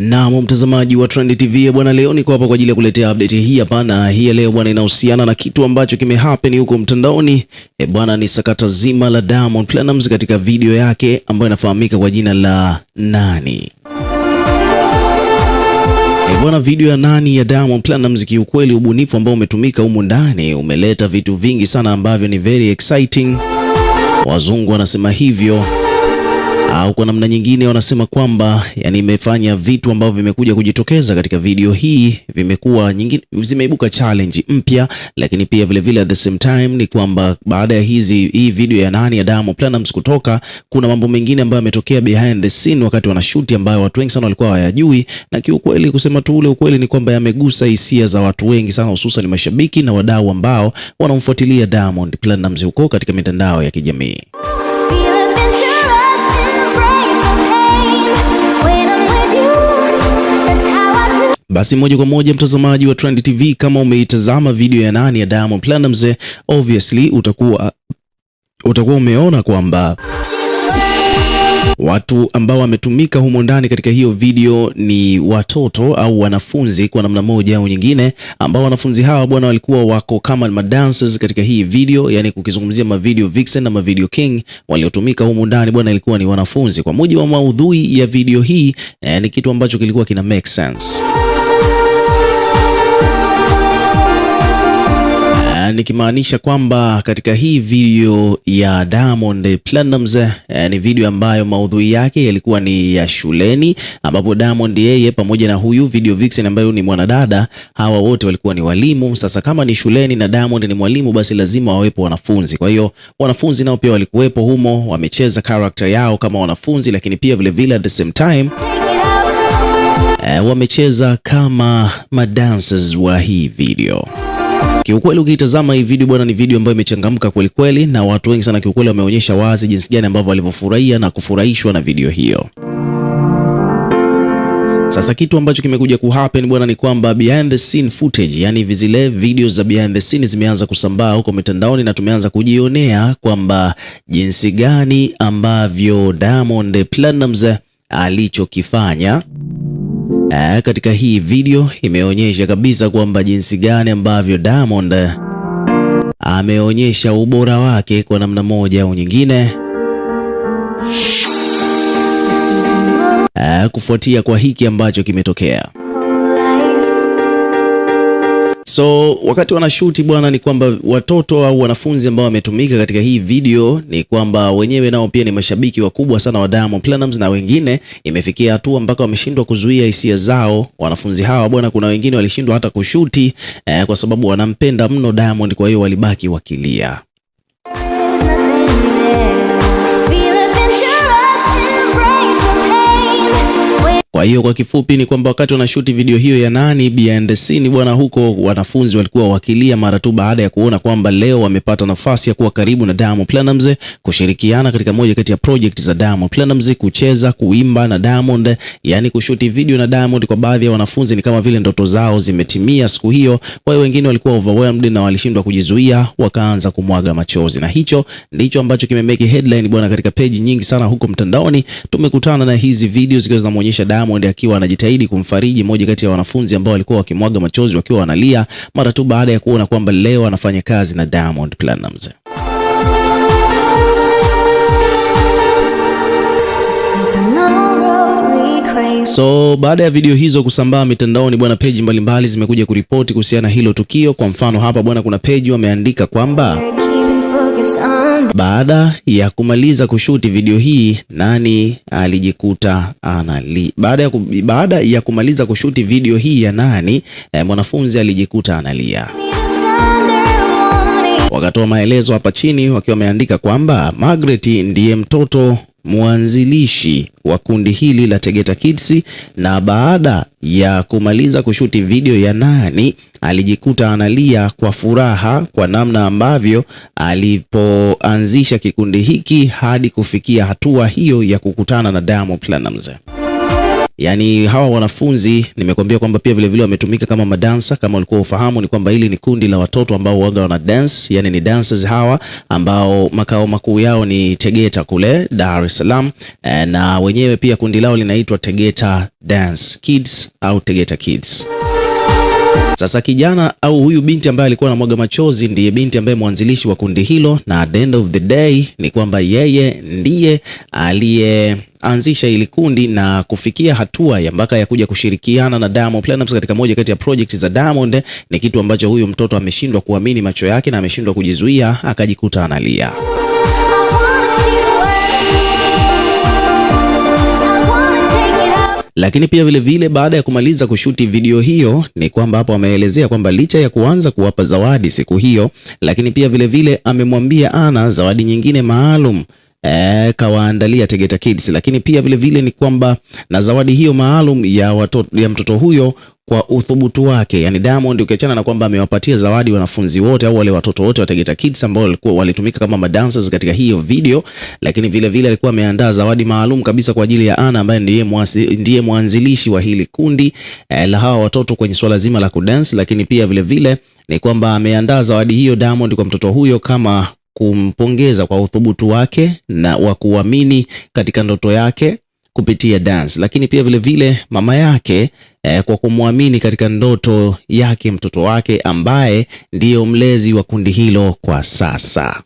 Naam, mtazamaji wa Trend TV bwana, leo niko hapa kwa ajili ya kuletea update hii hapa, na hii leo bwana inahusiana na kitu ambacho kimehappen huko mtandaoni e bwana, ni sakata zima la Diamond Platinumz katika video yake ambayo inafahamika kwa jina la Nani. E bwana, video ya Nani ya Diamond Platnumz, kiukweli ubunifu ambao umetumika humu ndani umeleta vitu vingi sana ambavyo ni very exciting, wazungu wanasema hivyo au kwa namna nyingine wanasema kwamba yani imefanya vitu ambavyo vimekuja kujitokeza katika video hii vimekuwa nyingine, zimeibuka challenge mpya, lakini pia vile vile at the same time ni kwamba baada ya hizi hii video ya nani ya Diamond Platnumz kutoka, kuna mambo mengine ambayo yametokea behind the scene wakati wanashuti, ambayo watu wengi sana walikuwa hawayajui, na kiukweli, kusema tu ule ukweli ni kwamba yamegusa hisia za watu wengi sana, hususan mashabiki na wadau ambao wanamfuatilia Diamond Platnumz huko katika mitandao ya kijamii. Basi moja kwa moja mtazamaji wa Trend TV, kama umeitazama video ya nani ya Diamond Platnumz, obviously utakuwa utakuwa umeona kwamba watu ambao wametumika humo ndani katika hiyo video ni watoto au wanafunzi kwa namna moja au nyingine, ambao wanafunzi hawa bwana walikuwa wako kama madancers katika hii video, yani kukizungumzia mavideo vixen na mavideo king waliotumika humo ndani bwana, ilikuwa ni wanafunzi kwa mujibu wa maudhui ya video hii, eh, ni yani kitu ambacho kilikuwa kina make sense. nikimaanisha kwamba katika hii video ya Diamond Platnumz eh, ni video ambayo maudhui yake yalikuwa ni ya shuleni, ambapo Diamond yeye pamoja na huyu video vixen ambayo ni mwanadada, hawa wote walikuwa ni walimu. Sasa kama ni shuleni na Diamond ni mwalimu, basi lazima wawepo wanafunzi. Kwa hiyo wanafunzi nao pia walikuwepo humo, wamecheza character yao kama wanafunzi, lakini pia vilevile vile at the same time eh, wamecheza kama madancers wa hii video. Kiukweli ukiitazama hii video bwana, ni video ambayo imechangamka kweli kweli, na watu wengi sana kiukweli wameonyesha wazi jinsi gani ambavyo walivyofurahia na kufurahishwa na video hiyo. Sasa kitu ambacho kimekuja happen bwana ni kwamba behind the scene footage, yani hivi zile video za behind the scene zimeanza kusambaa huko mitandaoni na tumeanza kujionea kwamba jinsi gani ambavyo Diamond Platnumz alichokifanya Aa, eh, katika hii video imeonyesha kabisa kwamba jinsi gani ambavyo Diamond eh, ameonyesha ubora wake kwa namna moja au nyingine. Aa, eh, kufuatia kwa hiki ambacho kimetokea So wakati wanashuti bwana, ni kwamba watoto au wanafunzi ambao wametumika katika hii video ni kwamba wenyewe nao pia ni mashabiki wakubwa sana wa Diamond Platnumz, na wengine imefikia hatua mpaka wameshindwa kuzuia hisia zao. Wanafunzi hawa bwana, kuna wengine walishindwa hata kushuti eh, kwa sababu wanampenda mno Diamond, kwa hiyo walibaki wakilia. Kwa hiyo kwa kifupi ni kwamba wakati wanashuti video hiyo ya nani behind the scene bwana, huko wanafunzi walikuwa wakilia mara tu baada ya kuona kwamba leo wamepata nafasi ya kuwa karibu na Diamond Platnumz, kushirikiana katika moja kati ya project za Diamond Platnumz, kucheza, kuimba na Diamond, yani kushuti video na Diamond. Kwa baadhi ya wanafunzi ni kama vile ndoto zao zimetimia siku hiyo. Kwa hiyo wengine walikuwa overwhelmed na walishindwa kujizuia, wakaanza kumwaga machozi, na hicho ndicho ambacho kimemeki headline bwana, katika page nyingi sana huko mtandaoni. Tumekutana na hizi video zikiwa zinamuonyesha Diamond Diamond akiwa anajitahidi kumfariji moja kati ya wanafunzi ambao walikuwa wakimwaga machozi wakiwa wanalia mara tu baada ya kuona kwamba leo anafanya kazi na Diamond Platnumz. So baada ya video hizo kusambaa mitandaoni bwana, peji mbalimbali zimekuja kuripoti kuhusiana hilo tukio. Kwa mfano hapa bwana, kuna peji wameandika kwamba baada ya kumaliza kushuti video hii Nani alijikuta anali. Baada ya, baada ya kumaliza kushuti video hii ya Nani eh, mwanafunzi alijikuta analia. Wakatoa maelezo hapa chini wakiwa wameandika kwamba Margaret ndiye mtoto mwanzilishi wa kundi hili la Tegeta Kids, na baada ya kumaliza kushuti video ya Nani alijikuta analia kwa furaha kwa namna ambavyo alipoanzisha kikundi hiki hadi kufikia hatua hiyo ya kukutana na Diamond Platnumz. Yaani hawa wanafunzi nimekwambia kwamba pia vilevile wametumika kama madansa. Kama walikuwa ufahamu, ni kwamba hili ni kundi la watoto ambao waga wana dance, yani ni dancers hawa ambao makao makuu yao ni Tegeta kule Dar es Salaam, eh, na wenyewe pia kundi lao linaitwa Tegeta Dance Kids au Tegeta Kids. Sasa kijana au huyu binti ambaye alikuwa anamwaga machozi ndiye binti ambaye mwanzilishi wa kundi hilo, na at the end of the day ni kwamba yeye ndiye aliye anzisha ili kundi na kufikia hatua ya mpaka ya kuja kushirikiana na Diamond Platnumz katika moja kati ya project za Diamond, ni kitu ambacho huyu mtoto ameshindwa kuamini macho yake na ameshindwa kujizuia, akajikuta analia. Lakini pia vile vile baada ya kumaliza kushuti video hiyo, ni kwamba hapo ameelezea kwamba licha ya kuanza kuwapa zawadi siku hiyo, lakini pia vile vile amemwambia ana zawadi nyingine maalum eh, kawaandalia Tegeta Kids, lakini pia vile vile ni kwamba na zawadi hiyo maalum ya, wato, ya mtoto huyo kwa uthubutu wake. Yani Diamond ukiachana na kwamba amewapatia zawadi wanafunzi wote au wale watoto wote wa Tegeta Kids ambao walikuwa walitumika kama madancers katika hiyo video, lakini vile vile alikuwa ameandaa zawadi maalum kabisa kwa ajili ya Ana ambaye ndiye mwasi, ndiye mwanzilishi wa hili kundi eh, la hawa watoto kwenye swala zima la kudance, lakini pia vile vile ni kwamba ameandaa zawadi hiyo Diamond kwa mtoto huyo kama kumpongeza kwa uthubutu wake na wa kuamini katika ndoto yake kupitia dance, lakini pia vile vile mama yake eh, kwa kumwamini katika ndoto yake mtoto wake ambaye ndiyo mlezi wa kundi hilo kwa sasa.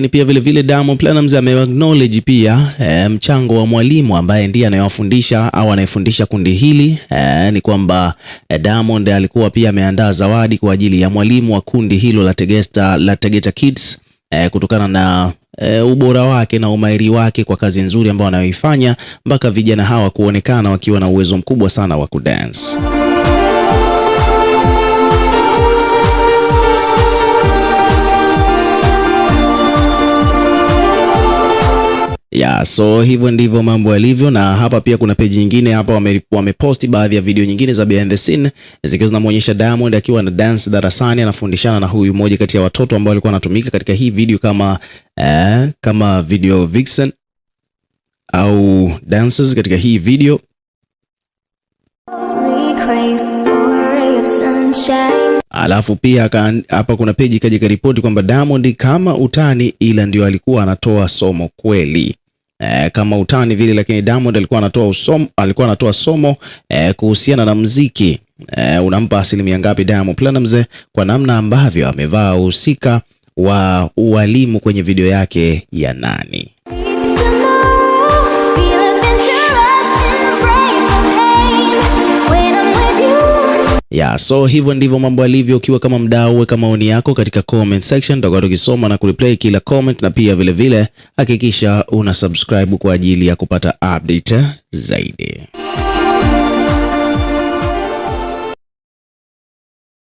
lakini pia vile vile Diamond Platnumz acknowledge pia e, mchango wa mwalimu ambaye ndiye anayewafundisha au anayefundisha kundi hili e, ni kwamba e, Diamond alikuwa pia ameandaa zawadi kwa ajili ya mwalimu wa kundi hilo la Tegesta, la Tegeta Kids e, kutokana na E, ubora wake na umahiri wake kwa kazi nzuri ambayo anayoifanya mpaka vijana hawa kuonekana wakiwa na uwezo mkubwa sana wa kudance. Yeah, so hivyo ndivyo mambo yalivyo, na hapa pia kuna peji nyingine hapa wame, wameposti baadhi ya video nyingine za behind the scene zikiwa zinamuonyesha Diamond akiwa na dance darasani anafundishana na huyu mmoja kati ya watoto ambao alikuwa anatumika katika hii video kama eh, kama video vixen au dancers katika hii video. Alafu pia hapa kuna peji kaja karipoti kwamba Diamond kama utani, ila ndio alikuwa anatoa somo kweli e, kama utani vile, lakini Diamond alikuwa anatoa somo, alikuwa anatoa somo e, kuhusiana na mziki e, unampa asilimia ngapi Diamond Platnumz kwa namna ambavyo amevaa uhusika wa ualimu kwenye video yake ya nani? Yeah, so hivyo ndivyo mambo yalivyo. Ukiwa kama mdau, weka maoni yako katika comment section, tutakuwa tukisoma na kuliplay kila comment, na pia vile vile hakikisha una subscribe kwa ajili ya kupata update zaidi.